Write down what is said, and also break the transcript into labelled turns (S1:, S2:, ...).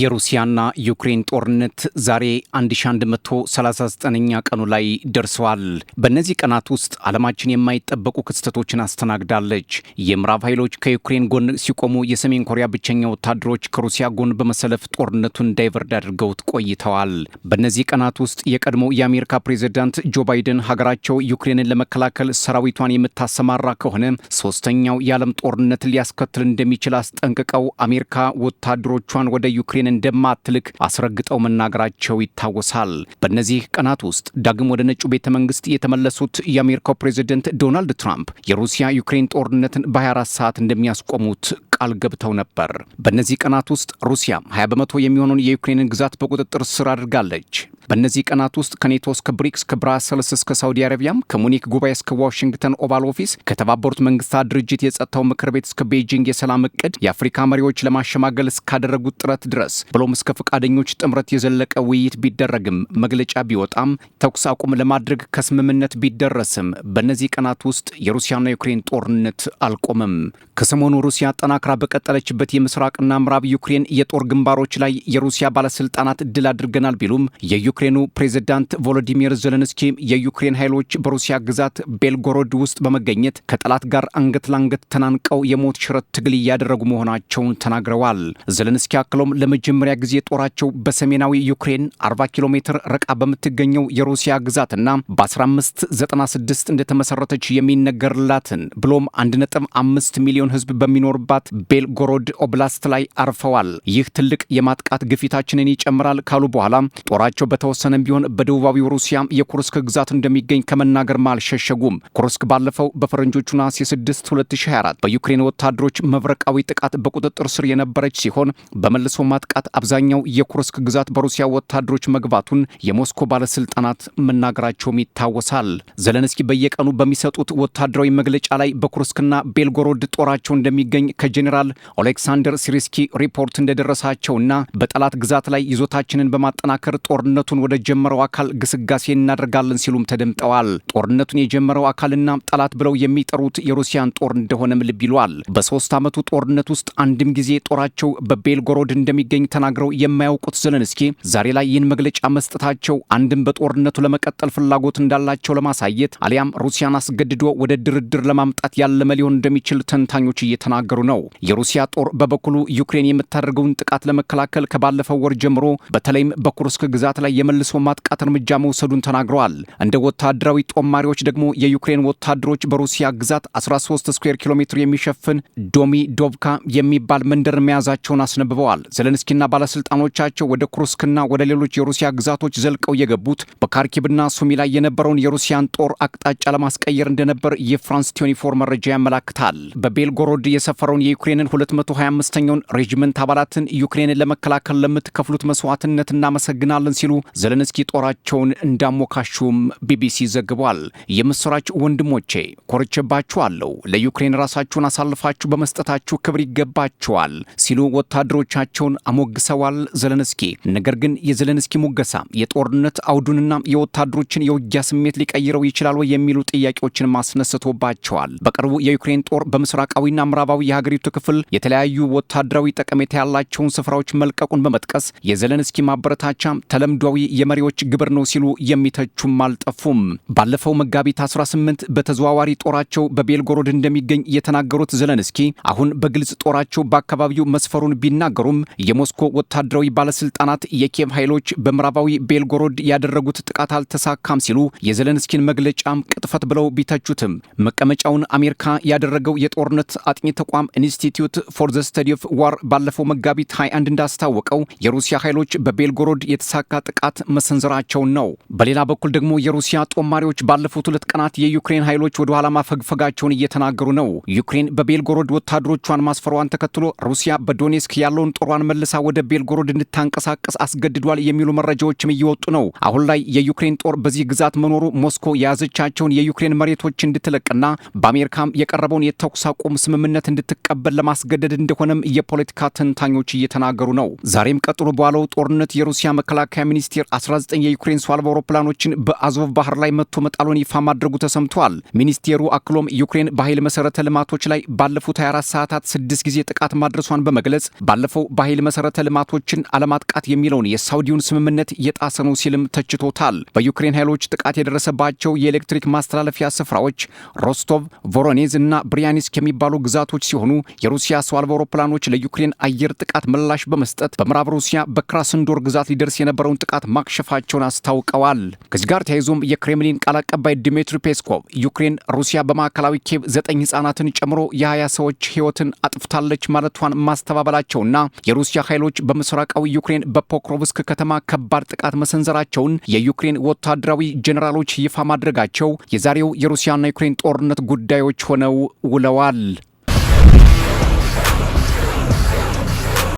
S1: የሩሲያና ዩክሬን ጦርነት ዛሬ 1139ኛ ቀኑ ላይ ደርሰዋል። በእነዚህ ቀናት ውስጥ ዓለማችን የማይጠበቁ ክስተቶችን አስተናግዳለች። የምዕራብ ኃይሎች ከዩክሬን ጎን ሲቆሙ፣ የሰሜን ኮሪያ ብቸኛ ወታደሮች ከሩሲያ ጎን በመሰለፍ ጦርነቱን እንዳይበርድ አድርገውት ቆይተዋል። በእነዚህ ቀናት ውስጥ የቀድሞው የአሜሪካ ፕሬዝዳንት ጆ ባይደን ሀገራቸው ዩክሬንን ለመከላከል ሰራዊቷን የምታሰማራ ከሆነ ሶስተኛው የዓለም ጦርነት ሊያስከትል እንደሚችል አስጠንቅቀው አሜሪካ ወታደሮቿን ወደ ዩክሬን ጊዜን እንደማትልክ አስረግጠው መናገራቸው ይታወሳል። በእነዚህ ቀናት ውስጥ ዳግም ወደ ነጩ ቤተ መንግስት የተመለሱት የአሜሪካው ፕሬዚደንት ዶናልድ ትራምፕ የሩሲያ ዩክሬን ጦርነትን በ24 ሰዓት እንደሚያስቆሙት ቃል ገብተው ነበር። በእነዚህ ቀናት ውስጥ ሩሲያ 20 በመቶ የሚሆነውን የዩክሬንን ግዛት በቁጥጥር ስር አድርጋለች። በእነዚህ ቀናት ውስጥ ከኔቶ እስከ ብሪክስ ከብራሰልስ እስከ ሳውዲ አረቢያም ከሙኒክ ጉባኤ እስከ ዋሽንግተን ኦቫል ኦፊስ ከተባበሩት መንግስታት ድርጅት የጸጥታው ምክር ቤት እስከ ቤጂንግ የሰላም እቅድ የአፍሪካ መሪዎች ለማሸማገል እስካደረጉት ጥረት ድረስ ብሎም እስከ ፈቃደኞች ጥምረት የዘለቀ ውይይት ቢደረግም መግለጫ ቢወጣም ተኩስ አቁም ለማድረግ ከስምምነት ቢደረስም በእነዚህ ቀናት ውስጥ የሩሲያና ዩክሬን ጦርነት አልቆመም። ከሰሞኑ ሩሲያ ጠናክራ በቀጠለችበት የምስራቅና ምዕራብ ዩክሬን የጦር ግንባሮች ላይ የሩሲያ ባለስልጣናት ድል አድርገናል ቢሉም የዩክሬኑ ፕሬዝዳንት ቮሎዲሚር ዘለንስኪ የዩክሬን ኃይሎች በሩሲያ ግዛት ቤልጎሮድ ውስጥ በመገኘት ከጠላት ጋር አንገት ላንገት ተናንቀው የሞት ሽረት ትግል እያደረጉ መሆናቸውን ተናግረዋል። ዘለንስኪ አክለውም ለመጀመሪያ ጊዜ ጦራቸው በሰሜናዊ ዩክሬን 40 ኪሎ ሜትር ርቃ በምትገኘው የሩሲያ ግዛትና በ1596 እንደተመሰረተች የሚነገርላትን ብሎም 1.5 ሚሊዮን ህዝብ በሚኖርባት ቤልጎሮድ ኦብላስት ላይ አርፈዋል። ይህ ትልቅ የማጥቃት ግፊታችንን ይጨምራል ካሉ በኋላ ጦራቸው በተወሰነም ቢሆን በደቡባዊው ሩሲያም የኩርስክ ግዛት እንደሚገኝ ከመናገር አልሸሸጉም። ኩርስክ ባለፈው በፈረንጆቹ ነሐሴ 6 2024 በዩክሬን ወታደሮች መብረቃዊ ጥቃት በቁጥጥር ስር የነበረች ሲሆን በመልሶ ማጥቃት አብዛኛው የኩርስክ ግዛት በሩሲያ ወታደሮች መግባቱን የሞስኮ ባለስልጣናት መናገራቸውም ይታወሳል። ዘለንስኪ በየቀኑ በሚሰጡት ወታደራዊ መግለጫ ላይ በኩርስክና ቤልጎሮድ ጦራቸው እንደሚገኝ ከጀ ጄኔራል ኦሌክሳንደር ሲሪስኪ ሪፖርት እንደደረሳቸውና በጠላት ግዛት ላይ ይዞታችንን በማጠናከር ጦርነቱን ወደ ጀመረው አካል ግስጋሴ እናደርጋለን ሲሉም ተደምጠዋል። ጦርነቱን የጀመረው አካልና ጠላት ብለው የሚጠሩት የሩሲያን ጦር እንደሆነም ልብ ይሏል። በሶስት ዓመቱ ጦርነት ውስጥ አንድም ጊዜ ጦራቸው በቤልጎሮድ እንደሚገኝ ተናግረው የማያውቁት ዘለንስኪ ዛሬ ላይ ይህን መግለጫ መስጠታቸው አንድም በጦርነቱ ለመቀጠል ፍላጎት እንዳላቸው ለማሳየት አሊያም ሩሲያን አስገድዶ ወደ ድርድር ለማምጣት ያለመ ሊሆን እንደሚችል ተንታኞች እየተናገሩ ነው። የሩሲያ ጦር በበኩሉ ዩክሬን የምታደርገውን ጥቃት ለመከላከል ከባለፈው ወር ጀምሮ በተለይም በኩርስክ ግዛት ላይ የመልሶ ማጥቃት እርምጃ መውሰዱን ተናግረዋል። እንደ ወታደራዊ ጦማሪዎች ደግሞ የዩክሬን ወታደሮች በሩሲያ ግዛት 13 ስኩዌር ኪሎ ሜትር የሚሸፍን ዶሚ ዶቭካ የሚባል መንደር መያዛቸውን አስነብበዋል። ዘለንስኪና ባለስልጣኖቻቸው ወደ ኩርስክና ወደ ሌሎች የሩሲያ ግዛቶች ዘልቀው የገቡት በካርኪብና ሱሚ ላይ የነበረውን የሩሲያን ጦር አቅጣጫ ለማስቀየር እንደነበር የፍራንስ 24 መረጃ ያመላክታል። በቤልጎሮድ የሰፈረውን የዩክሬንን 225ኛውን ሬጅመንት አባላትን ዩክሬንን ለመከላከል ለምትከፍሉት መስዋዕትነት እናመሰግናለን ሲሉ ዘለንስኪ ጦራቸውን እንዳሞካሹም ቢቢሲ ዘግቧል። የምስራች ወንድሞቼ ኮርቼባችኋለሁ፣ ለዩክሬን ራሳችሁን አሳልፋችሁ በመስጠታችሁ ክብር ይገባችኋል ሲሉ ወታደሮቻቸውን አሞግሰዋል ዘለንስኪ። ነገር ግን የዘለንስኪ ሙገሳ የጦርነት አውዱንና የወታደሮችን የውጊያ ስሜት ሊቀይረው ይችላል ወይ የሚሉ ጥያቄዎችን ማስነስቶባቸዋል። በቅርቡ የዩክሬን ጦር በምስራቃዊና ምዕራባዊ የሀገሪቱ ክፍል የተለያዩ ወታደራዊ ጠቀሜታ ያላቸውን ስፍራዎች መልቀቁን በመጥቀስ የዘለንስኪ ማበረታቻ ተለምዷዊ የመሪዎች ግብር ነው ሲሉ የሚተቹም አልጠፉም። ባለፈው መጋቢት 18 በተዘዋዋሪ ጦራቸው በቤልጎሮድ እንደሚገኝ የተናገሩት ዘለንስኪ አሁን በግልጽ ጦራቸው በአካባቢው መስፈሩን ቢናገሩም የሞስኮ ወታደራዊ ባለስልጣናት የኪየቭ ኃይሎች በምዕራባዊ ቤልጎሮድ ያደረጉት ጥቃት አልተሳካም ሲሉ የዘለንስኪን መግለጫም ቅጥፈት ብለው ቢተቹትም መቀመጫውን አሜሪካ ያደረገው የጦርነት አጥኚ ተቋም ኢንስቲ ኢንስቲትዩት ፎር ዘ ስተዲ ኦፍ ዋር ባለፈው መጋቢት 21 እንዳስታወቀው የሩሲያ ኃይሎች በቤልጎሮድ የተሳካ ጥቃት መሰንዘራቸውን ነው። በሌላ በኩል ደግሞ የሩሲያ ጦማሪዎች ባለፉት ሁለት ቀናት የዩክሬን ኃይሎች ወደ ኋላ ማፈግፈጋቸውን እየተናገሩ ነው። ዩክሬን በቤልጎሮድ ወታደሮቿን ማስፈሯን ተከትሎ ሩሲያ በዶኔስክ ያለውን ጦሯን መልሳ ወደ ቤልጎሮድ እንድታንቀሳቀስ አስገድዷል የሚሉ መረጃዎችም እየወጡ ነው። አሁን ላይ የዩክሬን ጦር በዚህ ግዛት መኖሩ ሞስኮ የያዘቻቸውን የዩክሬን መሬቶች እንድትለቅና በአሜሪካም የቀረበውን የተኩስ አቁም ስምምነት እንድትቀበል ማዕበል ለማስገደድ እንደሆነም የፖለቲካ ተንታኞች እየተናገሩ ነው። ዛሬም ቀጥሎ በዋለው ጦርነት የሩሲያ መከላከያ ሚኒስቴር 19 የዩክሬን ሰው አልባ አውሮፕላኖችን በአዞቭ ባህር ላይ መጥቶ መጣሉን ይፋ ማድረጉ ተሰምቷል። ሚኒስቴሩ አክሎም ዩክሬን በኃይል መሰረተ ልማቶች ላይ ባለፉት 24 ሰዓታት ስድስት ጊዜ ጥቃት ማድረሷን በመግለጽ ባለፈው በኃይል መሰረተ ልማቶችን አለማጥቃት የሚለውን የሳውዲውን ስምምነት የጣሰ ነው ሲልም ተችቶታል። በዩክሬን ኃይሎች ጥቃት የደረሰባቸው የኤሌክትሪክ ማስተላለፊያ ስፍራዎች ሮስቶቭ፣ ቮሮኔዝ እና ብሪያኒስክ የሚባሉ ግዛቶች ሲሆኑ የሩሲያ ሰው አልባ አውሮፕላኖች ለዩክሬን አየር ጥቃት ምላሽ በመስጠት በምዕራብ ሩሲያ በክራስንዶር ግዛት ሊደርስ የነበረውን ጥቃት ማክሸፋቸውን አስታውቀዋል። ከዚህ ጋር ተያይዞም የክሬምሊን ቃል አቀባይ ዲሚትሪ ፔስኮቭ ዩክሬን ሩሲያ በማዕከላዊ ኬቭ ዘጠኝ ህጻናትን ጨምሮ የሀያ ሰዎች ህይወትን አጥፍታለች ማለቷን ማስተባበላቸውና የሩሲያ ኃይሎች በምስራቃዊ ዩክሬን በፖክሮቭስክ ከተማ ከባድ ጥቃት መሰንዘራቸውን የዩክሬን ወታደራዊ ጄኔራሎች ይፋ ማድረጋቸው የዛሬው የሩሲያና ዩክሬን ጦርነት ጉዳዮች ሆነው ውለዋል።